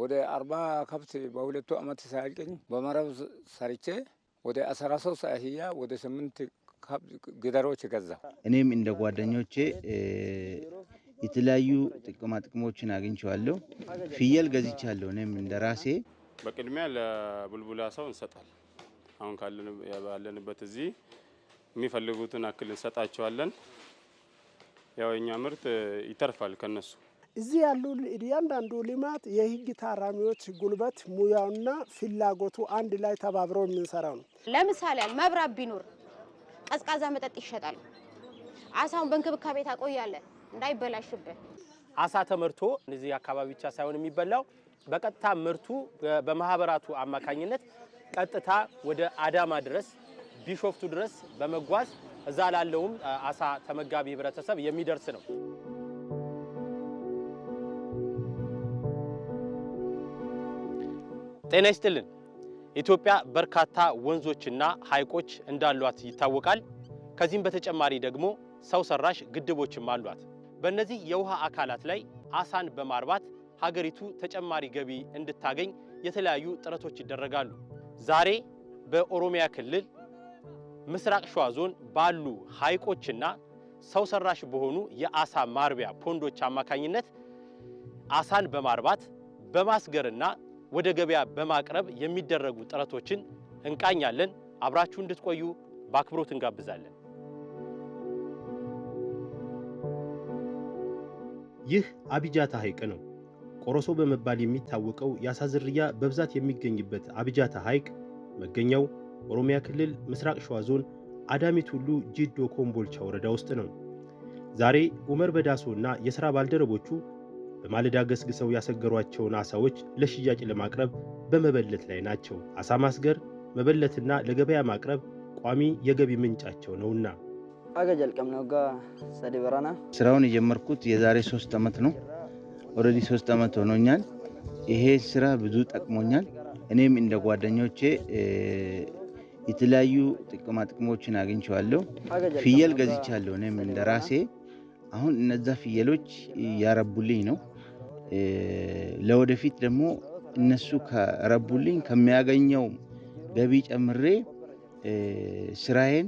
ወደ አርባ ከብት በሁለቱ አመት ሳያልቅኝ በመረብ ሰርቼ ወደ አስራ ሶስት አህያ ወደ ስምንት ግደሮች ገዛ። እኔም እንደ ጓደኞቼ የተለያዩ ጥቅማ ጥቅሞችን አግኝቸዋለሁ ፍየል ገዝቻለሁ። እኔም እንደ ራሴ በቅድሚያ ለቡልቡላ ሰው እንሰጣል። አሁን ካለንበት እዚህ የሚፈልጉትን አክል እንሰጣቸዋለን። ያው የኛ ምርት ይተርፋል ከነሱ እዚህ ያሉ እያንዳንዱ ልማት የህግ ታራሚዎች ጉልበት፣ ሙያውና ፍላጎቱ አንድ ላይ ተባብረው የምንሰራው ነው። ለምሳሌ መብራት ቢኖር ቀዝቃዛ መጠጥ ይሸጣል። አሳውን በእንክብካቤ ታቆያለ እንዳይበላሽብን አሳ ተመርቶ እዚህ አካባቢ ብቻ ሳይሆን የሚበላው በቀጥታ ምርቱ በማህበራቱ አማካኝነት ቀጥታ ወደ አዳማ ድረስ ቢሾፍቱ ድረስ በመጓዝ እዛ ላለውም አሳ ተመጋቢ ህብረተሰብ የሚደርስ ነው። ጤና ይስጥልን። ኢትዮጵያ በርካታ ወንዞችና ሐይቆች እንዳሏት ይታወቃል። ከዚህም በተጨማሪ ደግሞ ሰው ሰራሽ ግድቦችም አሏት። በእነዚህ የውሃ አካላት ላይ አሳን በማርባት ሀገሪቱ ተጨማሪ ገቢ እንድታገኝ የተለያዩ ጥረቶች ይደረጋሉ። ዛሬ በኦሮሚያ ክልል ምስራቅ ሸዋ ዞን ባሉ ሐይቆችና ሰው ሰራሽ በሆኑ የአሳ ማርቢያ ፖንዶች አማካኝነት አሳን በማርባት በማስገርና ወደ ገበያ በማቅረብ የሚደረጉ ጥረቶችን እንቃኛለን። አብራችሁ እንድትቆዩ በአክብሮት እንጋብዛለን። ይህ አቢጃታ ሐይቅ ነው። ቆሮሶ በመባል የሚታወቀው የአሳ ዝርያ በብዛት የሚገኝበት አቢጃታ ሐይቅ መገኛው ኦሮሚያ ክልል ምስራቅ ሸዋ ዞን አዳሚ ቱሉ ጂዶ ኮምቦልቻ ወረዳ ውስጥ ነው። ዛሬ ኡመር በዳሶ እና የሥራ ባልደረቦቹ በማለዳ ገስግሰው ያሰገሯቸውን አሳዎች ለሽያጭ ለማቅረብ በመበለት ላይ ናቸው። አሳ ማስገር፣ መበለትና ለገበያ ማቅረብ ቋሚ የገቢ ምንጫቸው ነውና። ስራውን የጀመርኩት የዛሬ ሶስት ዓመት ነው። ኦልሬዲ ሶስት ዓመት ሆኖኛል። ይሄ ስራ ብዙ ጠቅሞኛል። እኔም እንደ ጓደኞቼ የተለያዩ ጥቅማ ጥቅሞችን አግኝቸዋለሁ። ፍየል ገዝቻለሁ። እኔም እንደ ራሴ አሁን እነዛ ፍየሎች ያረቡልኝ ነው። ለወደፊት ደግሞ እነሱ ከረቡልኝ ከሚያገኘው ገቢ ጨምሬ ስራዬን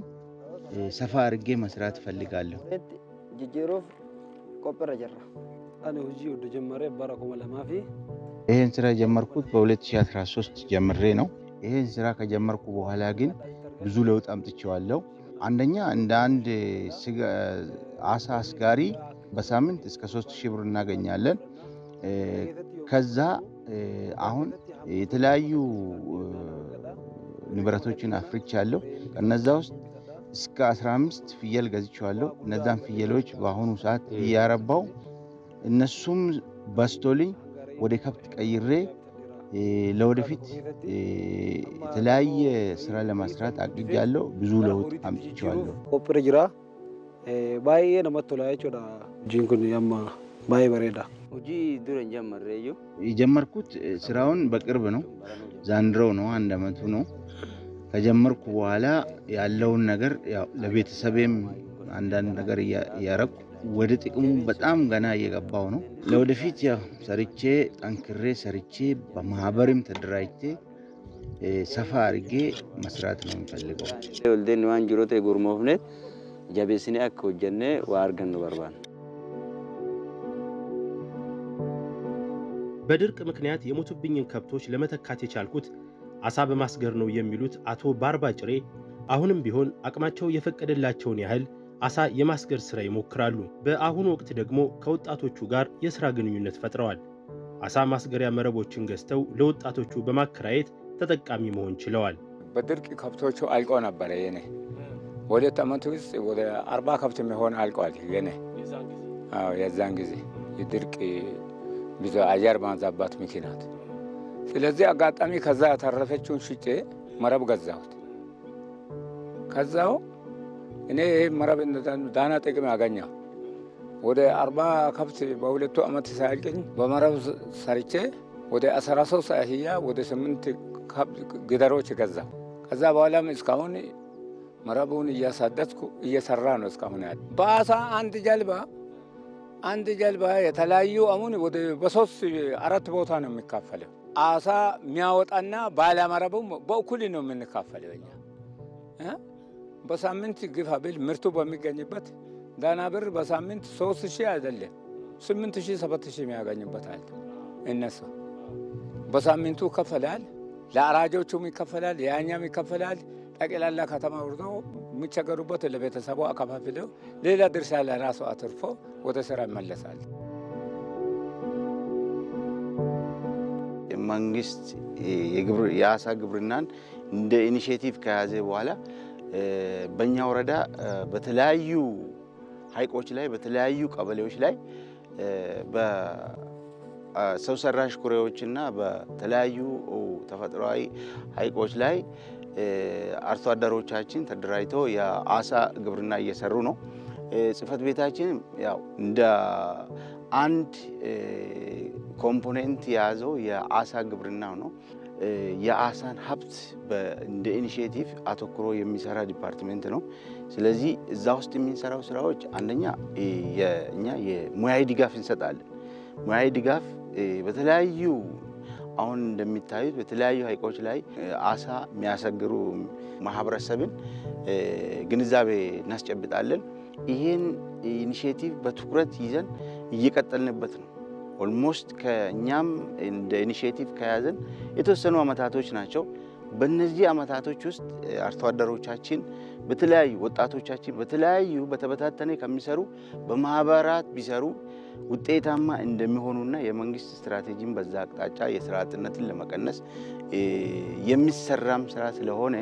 ሰፋ አድርጌ መስራት እፈልጋለሁ። ይህን ስራ የጀመርኩት በ2013 ጀምሬ ነው። ይህን ስራ ከጀመርኩ በኋላ ግን ብዙ ለውጥ አምጥቼዋለሁ። አንደኛ እንደ አንድ አሳ አስጋሪ በሳምንት እስከ ሶስት ሺህ ብር እናገኛለን። ከዛ አሁን የተለያዩ ንብረቶችን አፍርቻለሁ። ከነዛ ውስጥ እስከ 15 ፍየል ገዝቼዋለሁ። እነዛን ፍየሎች በአሁኑ ሰዓት እያረባው እነሱም በስቶልኝ ወደ ከብት ቀይሬ ለወደፊት የተለያየ ስራ ለማስራት አቅድ ያለው ብዙ ለውጥ አምጥቼዋለሁ። ቆጵር ጅራ ባዬ ነመቶ ላያቸ ጂንኩን ያማ ባይ በሬዳ ሁጂ ዱረን ጀመረ የጀመርኩት ስራውን በቅርብ ነው። ዛንድረው ነው አንድ አመቱ ነው። ከጀመርኩ በኋላ ያለውን ነገር ለቤተሰቤም አንዳንድ ነገር እያረኩ ወደ ጥቅሙ በጣም ገና እየገባው ነው። ለወደፊት ያው ሰርቼ ጠንክሬ ሰርቼ በማህበርም ተደራጅቼ ሰፋ አድርጌ መስራት ነው የሚፈልገው። ወልዴን ዋን ጅሮቴ ጉርሞፍኔ ጃቤስኔ አክ ወጀነ ዋርገን በርባን በድርቅ ምክንያት የሞቱብኝን ከብቶች ለመተካት የቻልኩት አሳ በማስገር ነው የሚሉት አቶ ባርባ ጭሬ አሁንም ቢሆን አቅማቸው የፈቀደላቸውን ያህል አሳ የማስገር ስራ ይሞክራሉ። በአሁኑ ወቅት ደግሞ ከወጣቶቹ ጋር የስራ ግንኙነት ፈጥረዋል። አሳ ማስገሪያ መረቦችን ገዝተው ለወጣቶቹ በማከራየት ተጠቃሚ መሆን ችለዋል። በድርቅ ከብቶቹ አልቆ ነበረ። የኔ ወደ ዓመት ውስጥ ወደ አርባ ከብት የሚሆን አልቋል። የኔ የዛን ጊዜ የድርቅ ብዙ አየር ማዛባት ምክንያት። ስለዚህ አጋጣሚ ከዛ ያተረፈችውን ሽጬ መረብ ገዛሁት። ከዛው እኔ ይህ መረብ ዳና ጥቅም ያገኘ ወደ አርባ ከብት በሁለቱ ዓመት ሳያልቅኝ በመረብ ሰርቼ ወደ አስራ ሶስት አህያ ወደ ስምንት ግደሮች ገዛ። ከዛ በኋላም እስካሁን መረቡን እያሳደስኩ እየሰራ ነው። እስካሁን ያለ በአሳ አንድ ጀልባ አንድ ጀልባ የተለያዩ አሁን ወደ በሶስት አራት ቦታ ነው የሚካፈለው። አሳ የሚያወጣና ባለመረቡም በእኩል ነው የምንካፈለው እኛ በሳምንት ግፋ ቢል ምርቱ በሚገኝበት ብር በሳምንት ሶስት ሺህ አይደለም ስምንት ሺህ ሰባት ሺህ እነሱ በሳምንቱ ይከፈላል፣ ለአራጆቹም ይከፈላል፣ ያኛም ይከፈላል። ጠቅላላ ከተማ ወርዶ የሚቸገሩበት ለቤተሰቡ አከፋፍለው ሌላ ድርሻ ለራሱ አትርፎ ወደ ስራ ይመለሳል። መንግስት የአሳ ግብርናን እንደ ኢኒሽቲቭ ከያዘ በኋላ በእኛ ወረዳ በተለያዩ ሀይቆች ላይ በተለያዩ ቀበሌዎች ላይ በሰው ሰራሽ ኩሬዎችና በተለያዩ ተፈጥሯዊ ሀይቆች ላይ አርሶ አደሮቻችን ተደራጅተው የአሳ ግብርና እየሰሩ ነው። ጽህፈት ቤታችን ያው እንደ አንድ ኮምፖኔንት የያዘው የአሳ ግብርና ነው። የአሳን ሀብት እንደ ኢኒሽቲቭ አተኩሮ የሚሰራ ዲፓርትሜንት ነው። ስለዚህ እዛ ውስጥ የሚንሰራው ስራዎች አንደኛ እኛ የሙያዊ ድጋፍ እንሰጣለን። ሙያዊ ድጋፍ በተለያዩ አሁን እንደሚታዩት በተለያዩ ሀይቆች ላይ አሳ የሚያሰግሩ ማህበረሰብን ግንዛቤ እናስጨብጣለን። ይህን ኢኒሽቲቭ በትኩረት ይዘን እየቀጠልንበት ነው። ኦልሞስት ከእኛም እንደ ኢኒሽቲቭ ከያዘን የተወሰኑ አመታቶች ናቸው። በእነዚህ አመታቶች ውስጥ አርሶ አደሮቻችን በተለያዩ ወጣቶቻችን በተለያዩ በተበታተነ ከሚሰሩ በማህበራት ቢሰሩ ውጤታማ እንደሚሆኑና የመንግስት ስትራቴጂን በዛ አቅጣጫ የስራ አጥነትን ለመቀነስ የሚሰራም ስራ ስለሆነ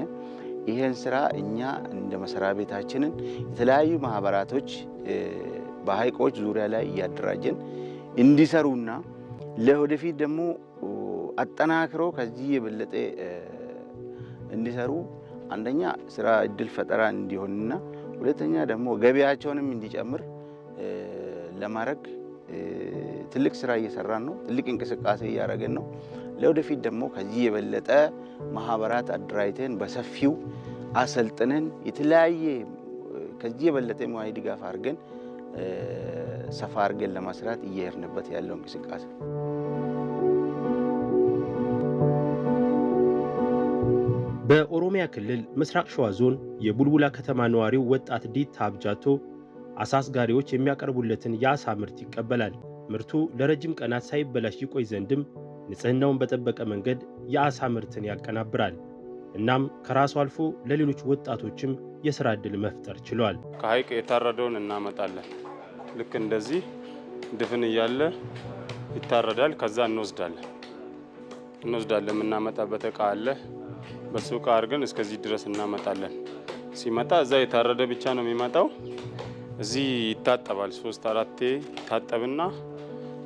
ይህን ስራ እኛ እንደ መስሪያ ቤታችንን የተለያዩ ማህበራቶች በሀይቆች ዙሪያ ላይ እያደራጀን እንዲሰሩና ለወደፊት ደግሞ አጠናክሮ ከዚህ የበለጠ እንዲሰሩ አንደኛ ስራ እድል ፈጠራ እንዲሆንና ሁለተኛ ደግሞ ገበያቸውንም እንዲጨምር ለማድረግ ትልቅ ስራ እየሰራን ነው። ትልቅ እንቅስቃሴ እያደረግን ነው። ለወደፊት ደግሞ ከዚህ የበለጠ ማህበራት አደራጅተን በሰፊው አሰልጥነን የተለያየ ከዚህ የበለጠ ሙያዊ ድጋፍ አድርገን ሰፋ አድርገን ለመስራት እየሄድንበት ያለው እንቅስቃሴ በኦሮሚያ ክልል ምስራቅ ሸዋ ዞን የቡልቡላ ከተማ ነዋሪው ወጣት ዲታ አብጃቶ አሳ አስጋሪዎች የሚያቀርቡለትን የአሳ ምርት ይቀበላል። ምርቱ ለረጅም ቀናት ሳይበላሽ ይቆይ ዘንድም ንጽህናውን በጠበቀ መንገድ የአሳ ምርትን ያቀናብራል። እናም ከራሱ አልፎ ለሌሎች ወጣቶችም የስራ ዕድል መፍጠር ችሏል። ከሀይቅ የታረደውን እናመጣለን። ልክ እንደዚህ ድፍን እያለ ይታረዳል። ከዛ እንወስዳለን እንወስዳለን የምናመጣበት እቃ አለ። በሱ እቃ አድርገን እስከዚህ ድረስ እናመጣለን። ሲመጣ እዛ የታረደ ብቻ ነው የሚመጣው። እዚህ ይታጠባል። ሶስት አራቴ ይታጠብና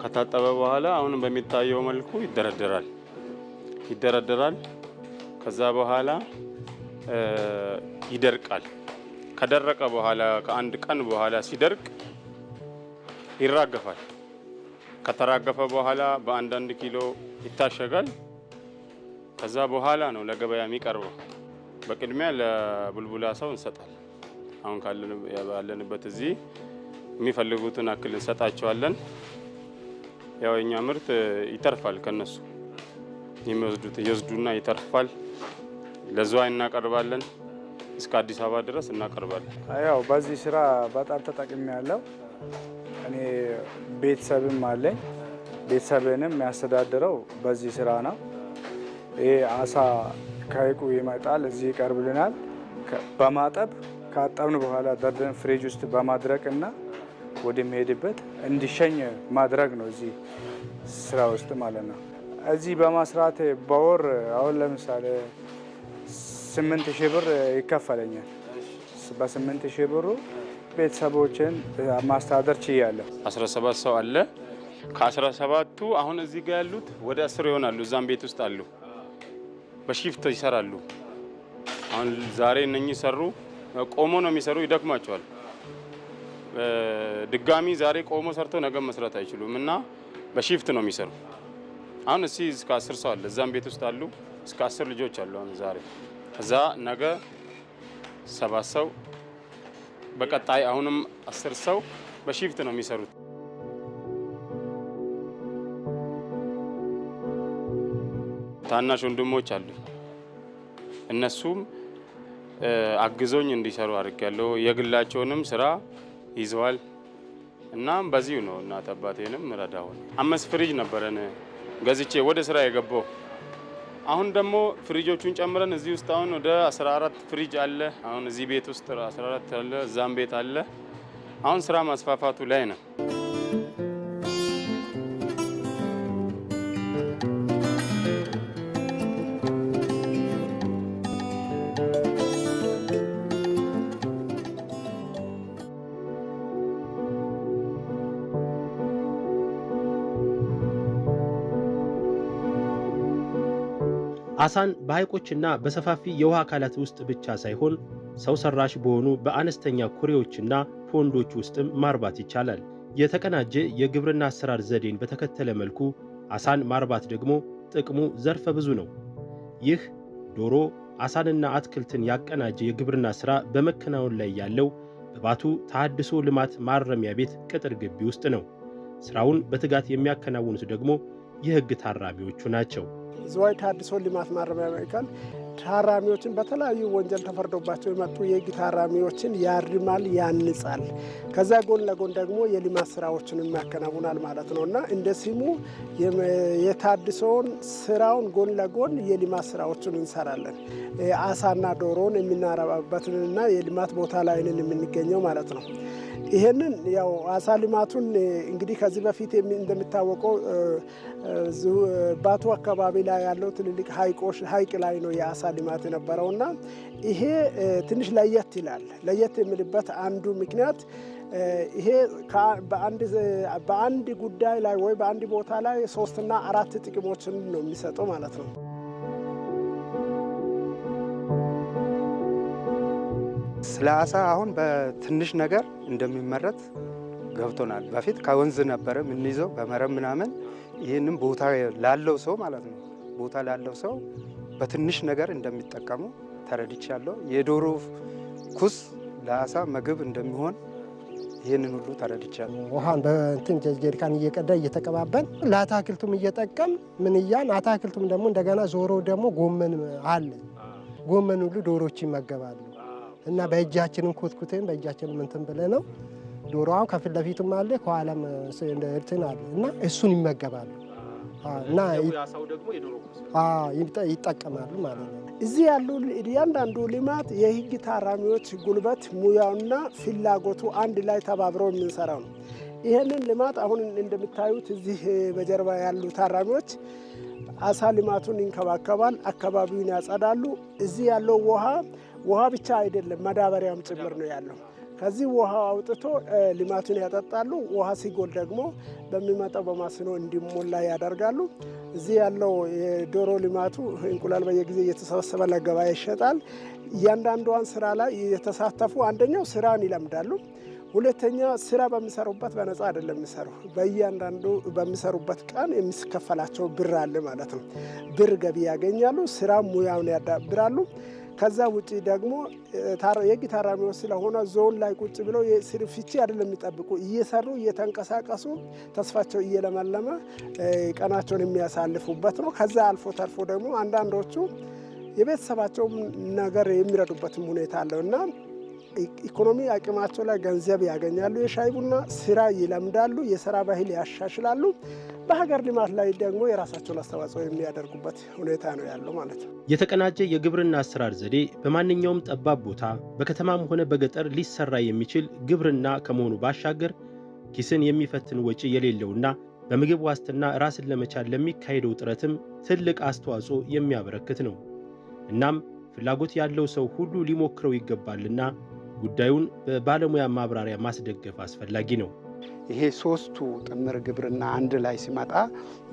ከታጠበ በኋላ አሁን በሚታየው መልኩ ይደረደራል ይደረደራል። ከዛ በኋላ ይደርቃል። ከደረቀ በኋላ ከአንድ ቀን በኋላ ሲደርቅ ይራገፋል። ከተራገፈ በኋላ በአንዳንድ ኪሎ ይታሸጋል። ከዛ በኋላ ነው ለገበያ የሚቀርበው። በቅድሚያ ለቡልቡላ ሰው እንሰጣል። አሁን ባለንበት እዚህ የሚፈልጉትን አክል እንሰጣቸዋለን። ያው የኛ ምርት ይተርፋል። ከነሱ የሚወስዱት ይወስዱና ይተርፋል። ለዝዋይ እናቀርባለን። እስከ አዲስ አበባ ድረስ እናቀርባለን። ያው በዚህ ስራ በጣም ተጠቅሜ ያለው እኔ ቤተሰብም አለኝ። ቤተሰብንም የሚያስተዳድረው በዚህ ስራ ነው። ይሄ አሳ ከይቁ ይመጣል፣ እዚህ ይቀርብልናል። በማጠብ ካጠብን በኋላ ደርደን ፍሬጅ ውስጥ በማድረቅ እና ወደሚሄድበት እንዲሸኝ ማድረግ ነው እዚህ ስራ ውስጥ ማለት ነው። እዚህ በማስራት በወር አሁን ለምሳሌ ስምንት ሺህ ብር ይከፈለኛል። በስምንት ሺህ ብሩ ቤተሰቦችን ማስተዳደር ችያለሁ። 17 ሰው አለ። 17 አሁን እዚህ ጋር ያሉት ወደ አስር ይሆናሉ። እዛም ቤት ውስጥ አሉ። በሺፍት ይሰራሉ። አሁን ዛሬ እነኚህ ሰሩ። ቆሞ ነው የሚሰሩ፣ ይደክማቸዋል። ድጋሚ ዛሬ ቆሞ ሰርቶ ነገ መስራት አይችሉም እና በሺፍት ነው የሚሰሩ። አሁን እዚህ እስከ አስር ሰው አለ። እዛም ቤት ውስጥ አሉ። እስከ አስር ልጆች አሉ አሁን ዛሬ ከዛ ነገ ሰባት ሰው በቀጣይ አሁንም አስር ሰው በሺፍት ነው የሚሰሩት። ታናሽ ወንድሞች አሉ። እነሱም አግዞኝ እንዲሰሩ አድርጌያለሁ። የግላቸውንም ስራ ይዘዋል። እናም በዚሁ ነው እናት አባቴንም ረዳሁን። አምስት ፍሪጅ ነበረን ገዝቼ ወደ ስራ የገባው አሁን ደግሞ ፍሪጆቹን ጨምረን እዚህ ውስጥ አሁን ወደ 14 ፍሪጅ አለ። አሁን እዚህ ቤት ውስጥ 14 አለ፣ እዛም ቤት አለ። አሁን ስራ ማስፋፋቱ ላይ ነው። አሳን በሐይቆችና በሰፋፊ የውሃ አካላት ውስጥ ብቻ ሳይሆን ሰው ሰራሽ በሆኑ በአነስተኛ ኩሬዎችና ፖንዶች ውስጥም ማርባት ይቻላል። የተቀናጀ የግብርና አሰራር ዘዴን በተከተለ መልኩ አሳን ማርባት ደግሞ ጥቅሙ ዘርፈ ብዙ ነው። ይህ ዶሮ አሳንና አትክልትን ያቀናጀ የግብርና ሥራ በመከናወን ላይ ያለው በባቱ ተሃድሶ ልማት ማረሚያ ቤት ቅጥር ግቢ ውስጥ ነው። ሥራውን በትጋት የሚያከናውኑት ደግሞ የሕግ ታራሚዎቹ ናቸው። ዝዋይ ታድሶ ልማት ማረሚያ ማዕከል ታራሚዎችን በተለያዩ ወንጀል ተፈርዶባቸው የመጡ የህግ ታራሚዎችን ያርማል፣ ያንጻል። ከዛ ጎን ለጎን ደግሞ የልማት ስራዎችን የሚያከናውናል ማለት ነው እና እንደ ሲሙ የታድሶውን ስራውን ጎን ለጎን የልማት ስራዎችን እንሰራለን። አሳና ዶሮን የምናረባበትንና የልማት ቦታ ላይንን የምንገኘው ማለት ነው። ይሄንን ያው አሳ ልማቱን እንግዲህ ከዚህ በፊት እንደሚታወቀው ባቱ አካባቢ ላይ ያለው ትልልቅ ሀይቆች ሀይቅ ላይ ነው የአሳ ልማት እና ይሄ ትንሽ ለየት ይላል። ለየት የሚልበት አንዱ ምክንያት ይሄ በአንድ ጉዳይ ላይ ወይ በአንድ ቦታ ላይ ሶስትና አራት ጥቅሞችን ነው የሚሰጠው ማለት ነው። ስለ አሳ አሁን በትንሽ ነገር እንደሚመረት ገብቶናል። በፊት ከወንዝ ነበረ የምንይዘው በመረብ ምናምን። ይህንም ቦታ ላለው ሰው ማለት ነው ቦታ ላለው ሰው በትንሽ ነገር እንደሚጠቀሙ ተረድቻለሁ። የዶሮ ኩስ ለአሳ ምግብ እንደሚሆን ይህንን ሁሉ ተረድቻለሁ። ውሃን በእንትን ጀሪካን እየቀዳ እየተቀባበን ለአታክልቱም እየጠቀም ምን እያን አታክልቱም ደግሞ እንደገና ዞሮ ደግሞ ጎመን አለ። ጎመን ሁሉ ዶሮች ይመገባሉ። እና በእጃችንም ኩትኩቴን በእጃችንም እንትን ብለ ነው ዶሮዋም ከፊት ለፊቱም አለ ከኋላም እንትን አለ እና እሱን ይመገባሉ እና ይጠቀማሉ ማለት ነው። እዚህ ያሉ እያንዳንዱ ልማት የህግ ታራሚዎች ጉልበት፣ ሙያውና ፍላጎቱ አንድ ላይ ተባብረው የምንሰራው ነው። ይህንን ልማት አሁን እንደምታዩት እዚህ በጀርባ ያሉ ታራሚዎች አሳ ልማቱን ይንከባከባል፣ አካባቢውን ያጸዳሉ። እዚህ ያለው ውሃ ውሃ ብቻ አይደለም ማዳበሪያም ጭምር ነው ያለው። ከዚህ ውሃ አውጥቶ ልማቱን ያጠጣሉ። ውሃ ሲጎል ደግሞ በሚመጣው በማስኖ እንዲሞላ ያደርጋሉ። እዚህ ያለው የዶሮ ልማቱ እንቁላል በየጊዜ እየተሰበሰበ ለገበያ ይሸጣል። እያንዳንዷን ስራ ላይ የተሳተፉ አንደኛው ስራን ይለምዳሉ። ሁለተኛ ስራ በሚሰሩበት በነፃ አይደለም የሚሰሩ። በእያንዳንዱ በሚሰሩበት ቀን የሚከፈላቸው ብር አለ ማለት ነው። ብር ገቢ ያገኛሉ። ስራ ሙያውን ያዳብራሉ። ከዛ ውጪ ደግሞ የህግ ታራሚዎች ስለሆነ ዞን ላይ ቁጭ ብለው የእስር ፍቺ አይደለም የሚጠብቁ እየሰሩ እየተንቀሳቀሱ ተስፋቸው እየለመለመ ቀናቸውን የሚያሳልፉበት ነው። ከዛ አልፎ ተርፎ ደግሞ አንዳንዶቹ የቤተሰባቸውም ነገር የሚረዱበትም ሁኔታ አለው እና ኢኮኖሚ አቅማቸው ላይ ገንዘብ ያገኛሉ። የሻይ ቡና ስራ ይለምዳሉ። የስራ ባህል ያሻሽላሉ። በሀገር ልማት ላይ ደግሞ የራሳቸውን አስተዋጽኦ የሚያደርጉበት ሁኔታ ነው ያለው ማለት ነው። የተቀናጀ የግብርና አሰራር ዘዴ በማንኛውም ጠባብ ቦታ በከተማም ሆነ በገጠር ሊሰራ የሚችል ግብርና ከመሆኑ ባሻገር ኪስን የሚፈትን ወጪ የሌለውና በምግብ ዋስትና ራስን ለመቻል ለሚካሄደው ጥረትም ትልቅ አስተዋጽኦ የሚያበረክት ነው። እናም ፍላጎት ያለው ሰው ሁሉ ሊሞክረው ይገባልና ጉዳዩን በባለሙያ ማብራሪያ ማስደገፍ አስፈላጊ ነው። ይሄ ሶስቱ ጥምር ግብርና አንድ ላይ ሲመጣ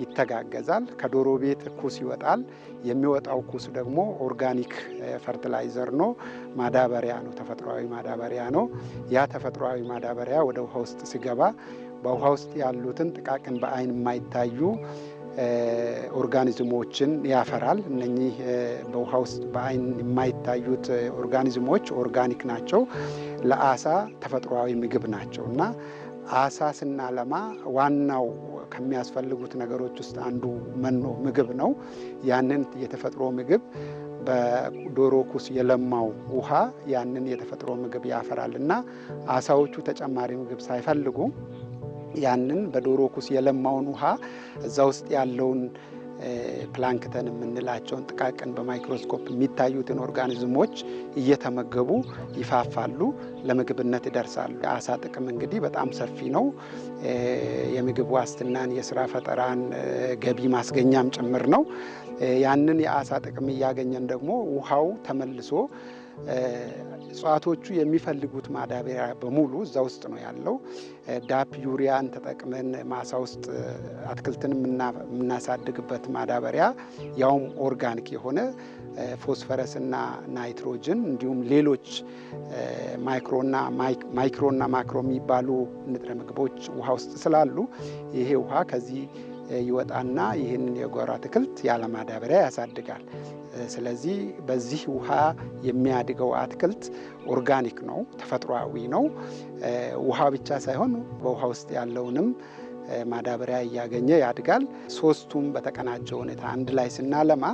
ይተጋገዛል። ከዶሮ ቤት ኩስ ይወጣል። የሚወጣው ኩስ ደግሞ ኦርጋኒክ ፈርትላይዘር ነው፣ ማዳበሪያ ነው፣ ተፈጥሯዊ ማዳበሪያ ነው። ያ ተፈጥሯዊ ማዳበሪያ ወደ ውሃ ውስጥ ሲገባ በውሃ ውስጥ ያሉትን ጥቃቅን በአይን የማይታዩ ኦርጋኒዝሞችን ያፈራል። እነኚህ በውሃ ውስጥ በአይን የማይታዩት ኦርጋኒዝሞች ኦርጋኒክ ናቸው፣ ለአሳ ተፈጥሯዊ ምግብ ናቸው እና አሳ ስናለማ ዋናው ከሚያስፈልጉት ነገሮች ውስጥ አንዱ መኖ ምግብ ነው። ያንን የተፈጥሮ ምግብ በዶሮ ኩስ የለማው ውሃ ያንን የተፈጥሮ ምግብ ያፈራል እና አሳዎቹ ተጨማሪ ምግብ ሳይፈልጉ ያንን በዶሮ ኩስ የለማውን ውሃ እዛ ውስጥ ያለውን ፕላንክተን የምንላቸውን ጥቃቅን በማይክሮስኮፕ የሚታዩትን ኦርጋኒዝሞች እየተመገቡ ይፋፋሉ፣ ለምግብነት ይደርሳሉ። የአሳ ጥቅም እንግዲህ በጣም ሰፊ ነው። የምግብ ዋስትናን፣ የስራ ፈጠራን፣ ገቢ ማስገኛም ጭምር ነው። ያንን የአሳ ጥቅም እያገኘን ደግሞ ውሃው ተመልሶ እጽዋቶቹ የሚፈልጉት ማዳበሪያ በሙሉ እዛ ውስጥ ነው ያለው። ዳፕ ዩሪያን ተጠቅመን ማሳ ውስጥ አትክልትን የምናሳድግበት ማዳበሪያ ያውም ኦርጋኒክ የሆነ ፎስፈረስና ናይትሮጅን እንዲሁም ሌሎች ማይክሮና ማይክሮና ማክሮ የሚባሉ ንጥረ ምግቦች ውሃ ውስጥ ስላሉ ይሄ ውሃ ከዚህ ይወጣና ይህን የጓሮ አትክልት ያለ ማዳበሪያ ያሳድጋል። ስለዚህ በዚህ ውሃ የሚያድገው አትክልት ኦርጋኒክ ነው፣ ተፈጥሯዊ ነው። ውሃ ብቻ ሳይሆን በውሃ ውስጥ ያለውንም ማዳበሪያ እያገኘ ያድጋል። ሶስቱም በተቀናጀ ሁኔታ አንድ ላይ ስናለማ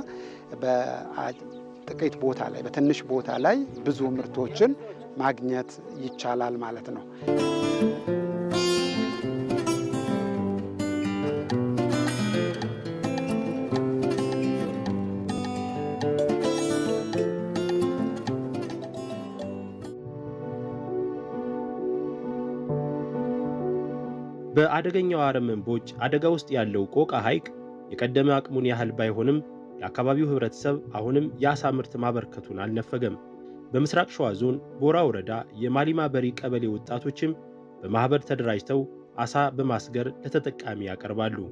በጥቂት ቦታ ላይ በትንሽ ቦታ ላይ ብዙ ምርቶችን ማግኘት ይቻላል ማለት ነው። ከአደገኛው አረም እምቦጭ አደጋ ውስጥ ያለው ቆቃ ሐይቅ የቀደመ አቅሙን ያህል ባይሆንም የአካባቢው ኅብረተሰብ አሁንም የአሳ ምርት ማበርከቱን አልነፈገም። በምስራቅ ሸዋ ዞን ቦራ ወረዳ የማሊማ በሪ ቀበሌ ወጣቶችም በማኅበር ተደራጅተው አሳ በማስገር ለተጠቃሚ ያቀርባሉ።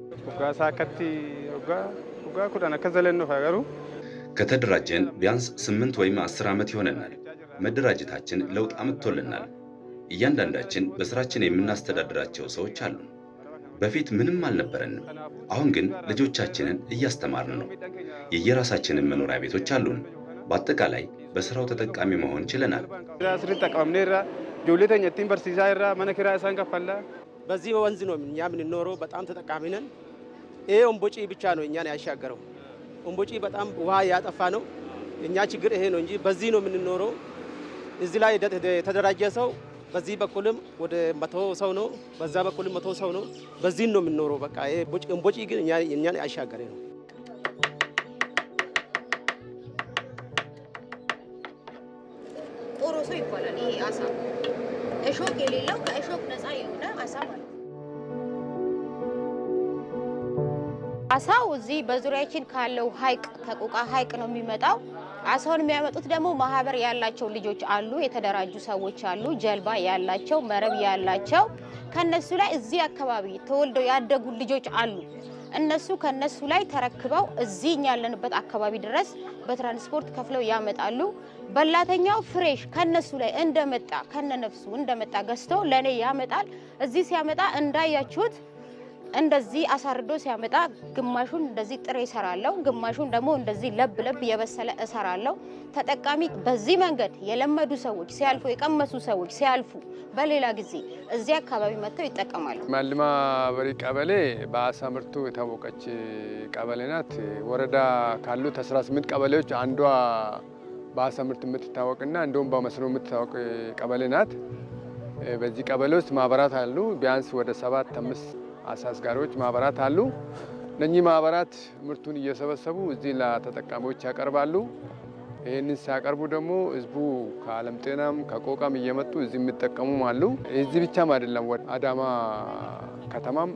ከተደራጀን ቢያንስ ስምንት ወይም አስር ዓመት ይሆነናል። መደራጀታችን ለውጥ አምጥቶልናል። እያንዳንዳችን በሥራችን የምናስተዳድራቸው ሰዎች አሉን። በፊት ምንም አልነበረንም። አሁን ግን ልጆቻችንን እያስተማርን ነው። የየራሳችንን መኖሪያ ቤቶች አሉን። በአጠቃላይ በስራው ተጠቃሚ መሆን ችለናል። በዚህ ወንዝ ነው እኛ የምንኖረው። በጣም ተጠቃሚ ነን። ይሄ እምቦጪ ብቻ ነው እኛን ያሻገረው። እምቦጪ በጣም ውሃ ያጠፋ ነው። እኛ ችግር ይሄ ነው እንጂ በዚህ ነው የምንኖረው። እዚህ ላይ የተደራጀ ሰው በዚህ በኩልም ወደ መቶ ሰው ነው፣ በዛ በኩልም መቶ ሰው ነው። በዚህ ነው የምንኖረው። በቃ እምቦጪ ግን እኛን አሻገሬ ነው። ጦሮሶ ይባላል ይሄ አሳ እሾክ የሌለው ከእሾክ ነፃ የሆነ አሳ ማለት አሳው እዚህ በዙሪያችን ካለው ሀይቅ ከቆቃ ሀይቅ ነው የሚመጣው። አሳውን የሚያመጡት ደግሞ ማህበር ያላቸው ልጆች አሉ፣ የተደራጁ ሰዎች አሉ፣ ጀልባ ያላቸው፣ መረብ ያላቸው። ከነሱ ላይ እዚህ አካባቢ ተወልደው ያደጉ ልጆች አሉ። እነሱ ከነሱ ላይ ተረክበው እዚህ እኛ ያለንበት አካባቢ ድረስ በትራንስፖርት ከፍለው ያመጣሉ። በላተኛው ፍሬሽ ከነሱ ላይ እንደመጣ ከነነፍሱ እንደመጣ ገዝተው ለእኔ ያመጣል። እዚህ ሲያመጣ እንዳያችሁት እንደዚህ አሳርዶ ሲያመጣ ግማሹን እንደዚህ ጥሬ እሰራለሁ፣ ግማሹን ደግሞ እንደዚህ ለብ ለብ የበሰለ እሰራለሁ። ተጠቃሚ በዚህ መንገድ የለመዱ ሰዎች ሲያልፉ፣ የቀመሱ ሰዎች ሲያልፉ፣ በሌላ ጊዜ እዚህ አካባቢ መጥተው ይጠቀማሉ። ማሊማ በሪ ቀበሌ በአሳ ምርቱ የታወቀች ቀበሌ ናት። ወረዳ ካሉት 18 ቀበሌዎች አንዷ በአሳ ምርት የምትታወቅና እንዲሁም በመስኖ የምትታወቅ ቀበሌ ናት። በዚህ ቀበሌ ውስጥ ማህበራት አሉ ቢያንስ ወደ ሰባት አምስት አሳ አስጋሪዎች ማህበራት አሉ። እነኚህ ማህበራት ምርቱን እየሰበሰቡ እዚህ ለተጠቃሚዎች ያቀርባሉ። ይህንን ሲያቀርቡ ደግሞ ህዝቡ ከዓለም ጤናም ከቆቃም እየመጡ እዚህ የሚጠቀሙም አሉ። እዚህ ብቻም አይደለም፣ ወደ አዳማ ከተማም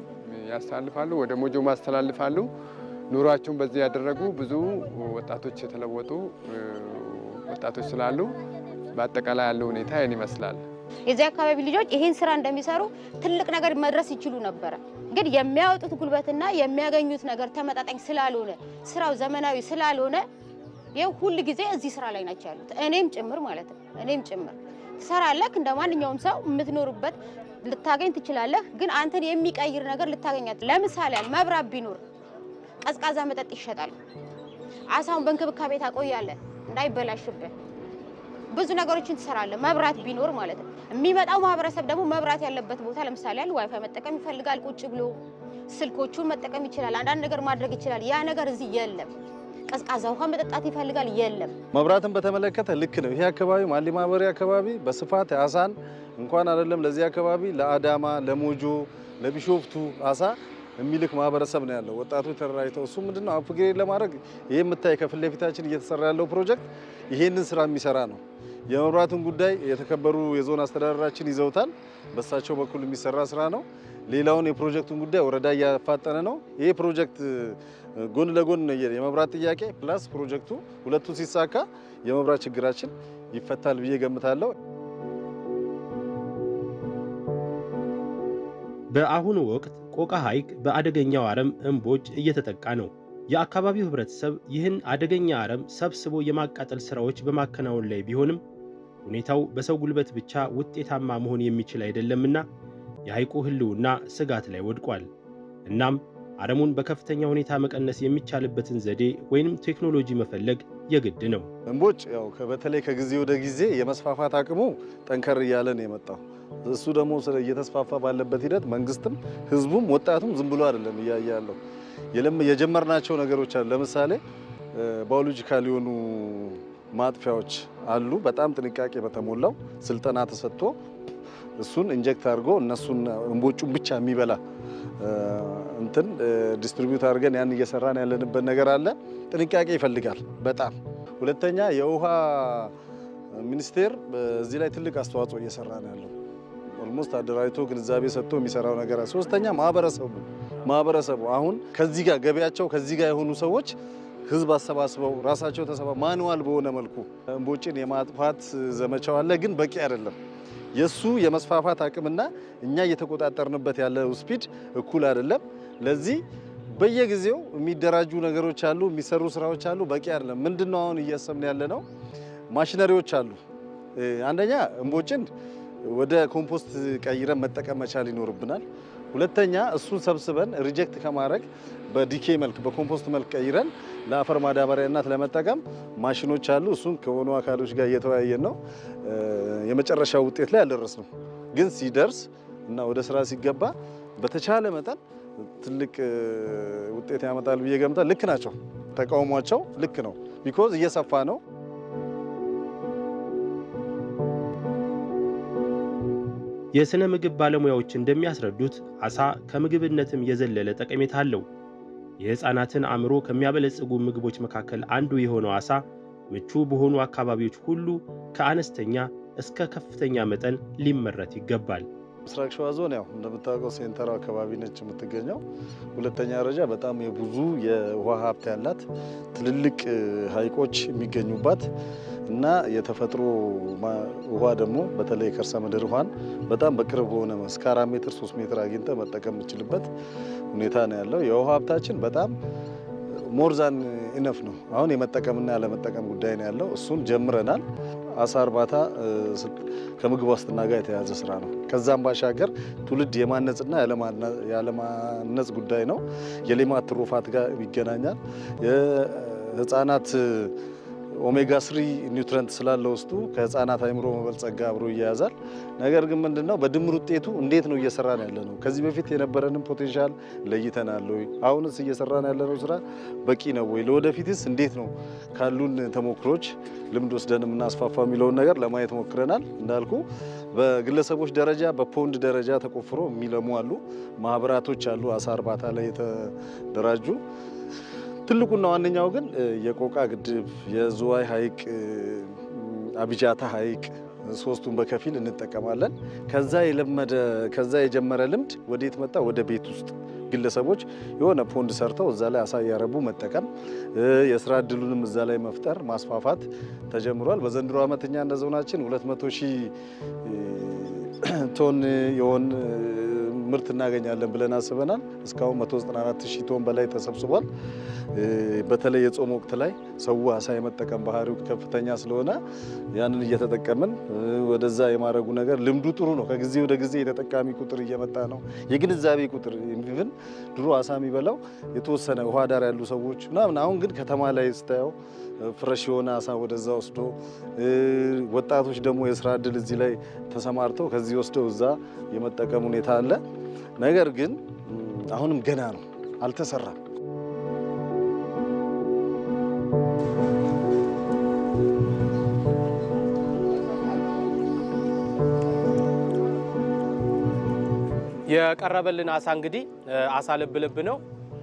ያስተላልፋሉ፣ ወደ ሞጆም ያስተላልፋሉ። ኑሯቸውን በዚህ ያደረጉ ብዙ ወጣቶች የተለወጡ ወጣቶች ስላሉ በአጠቃላይ ያለው ሁኔታ ይህን ይመስላል። የዚህ አካባቢ ልጆች ይህን ስራ እንደሚሰሩ ትልቅ ነገር መድረስ ይችሉ ነበረ። ግን የሚያወጡት ጉልበትና የሚያገኙት ነገር ተመጣጣኝ ስላልሆነ ስራው ዘመናዊ ስላልሆነ ይኸው ሁል ጊዜ እዚህ ስራ ላይ ናቸው ያሉት። እኔም ጭምር ማለት ነው። እኔም ጭምር ትሰራለህ፣ እንደ ማንኛውም ሰው የምትኖርበት ልታገኝ ትችላለህ። ግን አንተን የሚቀይር ነገር ልታገኛት ለምሳሌ መብራት ቢኖር ቀዝቃዛ መጠጥ ይሸጣል። አሳውን በእንክብካቤ ታቆያለህ እንዳይበላሽብህ ብዙ ነገሮችን ትሰራለህ። መብራት ቢኖር ማለት ነው። የሚመጣው ማህበረሰብ ደግሞ መብራት ያለበት ቦታ ለምሳሌ ያለ ዋይፋይ መጠቀም ይፈልጋል። ቁጭ ብሎ ስልኮቹን መጠቀም ይችላል። አንዳንድ ነገር ማድረግ ይችላል። ያ ነገር እዚህ የለም። ቀዝቃዛ ውሃ መጠጣት ይፈልጋል፣ የለም። መብራትን በተመለከተ ልክ ነው። ይሄ አካባቢ ማሊ ማህበሪ አካባቢ በስፋት አሳን እንኳን አይደለም ለዚህ አካባቢ ለአዳማ፣ ለሞጆ፣ ለቢሾፍቱ አሳ የሚልክ ማህበረሰብ ነው ያለው። ወጣቶች ተደራጅተው እሱ ምንድነው አፕግሬድ ለማድረግ ይህ የምታይ ከፊት ለፊታችን እየተሰራ ያለው ፕሮጀክት ይሄንን ስራ የሚሰራ ነው። የመብራቱን ጉዳይ የተከበሩ የዞን አስተዳደራችን ይዘውታል። በሳቸው በኩል የሚሰራ ስራ ነው። ሌላውን የፕሮጀክቱን ጉዳይ ወረዳ እያፋጠነ ነው። ይሄ ፕሮጀክት ጎን ለጎን የመብራት ጥያቄ ፕላስ ፕሮጀክቱ ሁለቱ ሲሳካ የመብራት ችግራችን ይፈታል ብዬ ገምታለሁ። በአሁኑ ወቅት ቆቃ ሐይቅ በአደገኛው አረም እምቦጭ እየተጠቃ ነው። የአካባቢው ህብረተሰብ ይህን አደገኛ አረም ሰብስቦ የማቃጠል ስራዎች በማከናወን ላይ ቢሆንም ሁኔታው በሰው ጉልበት ብቻ ውጤታማ መሆን የሚችል አይደለምና የሐይቁ ሕልውና ስጋት ላይ ወድቋል። እናም አረሙን በከፍተኛ ሁኔታ መቀነስ የሚቻልበትን ዘዴ ወይንም ቴክኖሎጂ መፈለግ የግድ ነው። እምቦጭ ያው በተለይ ከጊዜ ወደ ጊዜ የመስፋፋት አቅሙ ጠንከር እያለ ነው የመጣው። እሱ ደግሞ እየተስፋፋ ባለበት ሂደት መንግስትም፣ ህዝቡም፣ ወጣቱም ዝም ብሎ አይደለም እያያለው የጀመርናቸው ነገሮች አሉ። ለምሳሌ ባዮሎጂካል የሆኑ ማጥፊያዎች አሉ። በጣም ጥንቃቄ በተሞላው ስልጠና ተሰጥቶ እሱን ኢንጀክት አድርጎ እነሱን እንቦጩን ብቻ የሚበላ እንትን ዲስትሪቢዩት አድርገን ያን እየሰራን ያለንበት ነገር አለ። ጥንቃቄ ይፈልጋል በጣም ሁለተኛ የውሃ ሚኒስቴር እዚህ ላይ ትልቅ አስተዋጽኦ እየሰራ ነው ያለው። ኦልሞስት አደራጅቶ ግንዛቤ ሰጥቶ የሚሰራው ነገር ሶስተኛ ማህበረሰቡ ማህበረሰቡ አሁን ከዚህ ጋር ገበያቸው ከዚህ ጋር የሆኑ ሰዎች ህዝብ አሰባስበው ራሳቸው ተሰባ ማንዋል በሆነ መልኩ እምቦጭን የማጥፋት ዘመቻው አለ፣ ግን በቂ አይደለም። የሱ የመስፋፋት አቅምና እኛ እየተቆጣጠርንበት ያለው ስፒድ እኩል አይደለም። ለዚህ በየጊዜው የሚደራጁ ነገሮች አሉ፣ የሚሰሩ ስራዎች አሉ። በቂ አይደለም። ምንድነው አሁን እያሰብን ያለ ነው? ማሽነሪዎች አሉ። አንደኛ እምቦጭን ወደ ኮምፖስት ቀይረን መጠቀም መቻል ይኖርብናል። ሁለተኛ እሱን ሰብስበን ሪጀክት ከማድረግ በዲኬ መልክ በኮምፖስት መልክ ቀይረን ለአፈር ማዳበሪያነት ለመጠቀም ማሽኖች አሉ። እሱን ከሆኑ አካሎች ጋር እየተወያየን ነው። የመጨረሻ ውጤት ላይ አልደረስንም፣ ግን ሲደርስ እና ወደ ስራ ሲገባ በተቻለ መጠን ትልቅ ውጤት ያመጣል ብዬ ገምታ ልክ ናቸው። ተቃውሟቸው ልክ ነው። ቢኮዝ እየሰፋ ነው። የሥነ ምግብ ባለሙያዎች እንደሚያስረዱት ዓሣ ከምግብነትም የዘለለ ጠቀሜታ አለው። የሕፃናትን አእምሮ ከሚያበለጽጉ ምግቦች መካከል አንዱ የሆነው ዓሣ ምቹ በሆኑ አካባቢዎች ሁሉ ከአነስተኛ እስከ ከፍተኛ መጠን ሊመረት ይገባል። ምስራቅ ሸዋ ዞን ያው እንደምታውቀው ሴንተር አካባቢ ነች የምትገኘው። ሁለተኛ ደረጃ በጣም የብዙ የውሃ ሀብት ያላት ትልልቅ ሀይቆች የሚገኙባት እና የተፈጥሮ ውሃ ደግሞ በተለይ የከርሰ ምድር ውሃን በጣም በቅርብ በሆነ እስከ አራት ሜትር ሶስት ሜትር አግኝተ መጠቀም የምችልበት ሁኔታ ነው ያለው። የውሃ ሀብታችን በጣም ሞርዛን ኢነፍ ነው። አሁን የመጠቀምና ያለመጠቀም ጉዳይ ነው ያለው። እሱን ጀምረናል። አሳ እርባታ ከምግብ ዋስትና ጋር የተያያዘ ስራ ነው። ከዛም ባሻገር ትውልድ የማነጽና ያለማነጽ ጉዳይ ነው። የሌማት ትሩፋት ጋር ይገናኛል። የህፃናት ኦሜጋ ስሪ ኒውትረንት ስላለው ውስጡ ከህፃናት አይምሮ መበልጸግ አብሮ ይያያዛል። ነገር ግን ምንድነው በድምር ውጤቱ እንዴት ነው እየሰራን ያለ ነው? ከዚህ በፊት የነበረንም ፖቴንሻል ለይተናል ወይ? አሁንስ እየሰራን ያለነው ስራ በቂ ነው ወይ? ለወደፊትስ እንዴት ነው ካሉን ተሞክሮች ልምድ ወስደን የምናስፋፋ የሚለውን ነገር ለማየት ሞክረናል። እንዳልኩ በግለሰቦች ደረጃ በፖንድ ደረጃ ተቆፍሮ የሚለሙ አሉ፣ ማህበራቶች አሉ፣ አሳ እርባታ ላይ የተደራጁ ትልቁና ዋነኛው ግን የቆቃ ግድብ፣ የዝዋይ ሐይቅ፣ አቢጃታ ሐይቅ ሶስቱን በከፊል እንጠቀማለን። ከዛ የለመደ ከዛ የጀመረ ልምድ ወዴት መጣ? ወደ ቤት ውስጥ ግለሰቦች የሆነ ፖንድ ሰርተው እዛ ላይ አሳ እያረቡ መጠቀም፣ የስራ እድሉንም እዛ ላይ መፍጠር ማስፋፋት ተጀምሯል። በዘንድሮ ዓመት እኛ እንደ ዞናችን 200 ሺህ ቶን የሆን ምርት እናገኛለን ብለን አስበናል። እስካሁን 194 ሺህ ቶን በላይ ተሰብስቧል። በተለይ የጾም ወቅት ላይ ሰው አሳ የመጠቀም ባህሪው ከፍተኛ ስለሆነ ያንን እየተጠቀምን ወደዛ የማድረጉ ነገር ልምዱ ጥሩ ነው። ከጊዜ ወደ ጊዜ የተጠቃሚ ቁጥር እየመጣ ነው። የግንዛቤ ቁጥር ኢቭን ድሮ አሳ የሚበላው የተወሰነ ውሃ ዳር ያሉ ሰዎች ምናምን፣ አሁን ግን ከተማ ላይ ስታየው ፍረሽ የሆነ አሳ ወደዛ ወስዶ ወጣቶች ደግሞ የስራ እድል እዚህ ላይ ተሰማርተው ከዚህ ወስደው እዛ የመጠቀም ሁኔታ አለ። ነገር ግን አሁንም ገና ነው፣ አልተሰራም። የቀረበልን አሳ እንግዲህ አሳ ልብ ልብ ነው።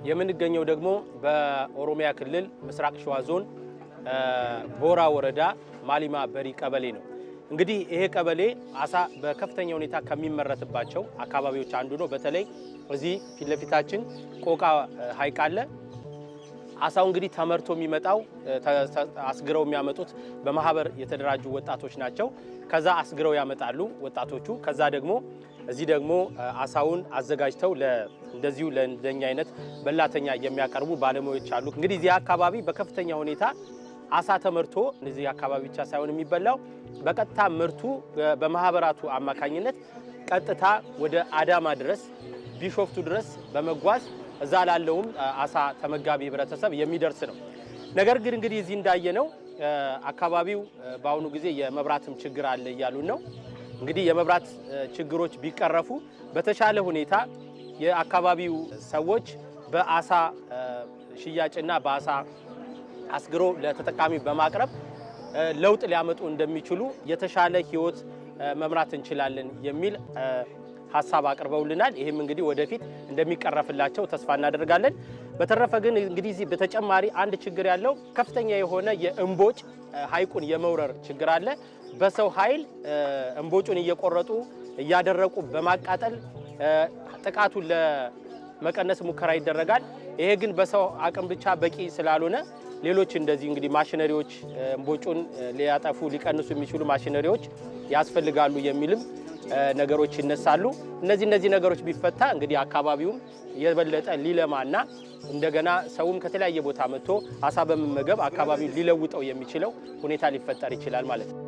የምንገኘው ደግሞ በኦሮሚያ ክልል ምስራቅ ሸዋ ዞን ቦራ ወረዳ ማሊማ በሪ ቀበሌ ነው። እንግዲህ ይሄ ቀበሌ አሳ በከፍተኛ ሁኔታ ከሚመረትባቸው አካባቢዎች አንዱ ነው። በተለይ እዚህ ፊት ለፊታችን ቆቃ ሐይቅ አለ። አሳው እንግዲህ ተመርቶ የሚመጣው አስግረው የሚያመጡት በማህበር የተደራጁ ወጣቶች ናቸው። ከዛ አስግረው ያመጣሉ ወጣቶቹ። ከዛ ደግሞ እዚህ ደግሞ አሳውን አዘጋጅተው እንደዚሁ ለእንደኛ አይነት በላተኛ የሚያቀርቡ ባለሙያዎች አሉ። እንግዲህ እዚህ አካባቢ በከፍተኛ ሁኔታ አሳ ተመርቶ እነዚህ አካባቢ ብቻ ሳይሆን የሚበላው በቀጥታ ምርቱ በማህበራቱ አማካኝነት ቀጥታ ወደ አዳማ ድረስ ቢሾፍቱ ድረስ በመጓዝ እዛ ላለውም አሳ ተመጋቢ ህብረተሰብ የሚደርስ ነው። ነገር ግን እንግዲህ እዚህ እንዳየነው አካባቢው በአሁኑ ጊዜ የመብራትም ችግር አለ እያሉን ነው። እንግዲህ የመብራት ችግሮች ቢቀረፉ በተሻለ ሁኔታ የአካባቢው ሰዎች በአሳ ሽያጭና በአሳ አስግሮ ለተጠቃሚ በማቅረብ ለውጥ ሊያመጡ እንደሚችሉ የተሻለ ህይወት መምራት እንችላለን የሚል ሀሳብ አቅርበውልናል። ይህም እንግዲህ ወደፊት እንደሚቀረፍላቸው ተስፋ እናደርጋለን። በተረፈ ግን እንግዲህ እዚህ በተጨማሪ አንድ ችግር ያለው ከፍተኛ የሆነ የእምቦጭ ሀይቁን የመውረር ችግር አለ። በሰው ኃይል እምቦጩን እየቆረጡ እያደረቁ በማቃጠል ጥቃቱን መቀነስ ሙከራ ይደረጋል። ይሄ ግን በሰው አቅም ብቻ በቂ ስላልሆነ ሌሎች እንደዚህ እንግዲህ ማሽነሪዎች እምቦጩን ሊያጠፉ ሊቀንሱ የሚችሉ ማሽነሪዎች ያስፈልጋሉ የሚልም ነገሮች ይነሳሉ። እነዚህ እነዚህ ነገሮች ቢፈታ እንግዲህ አካባቢውም የበለጠ ሊለማና እንደገና ሰውም ከተለያየ ቦታ መጥቶ አሳ በመመገብ አካባቢውን ሊለውጠው የሚችለው ሁኔታ ሊፈጠር ይችላል ማለት ነው።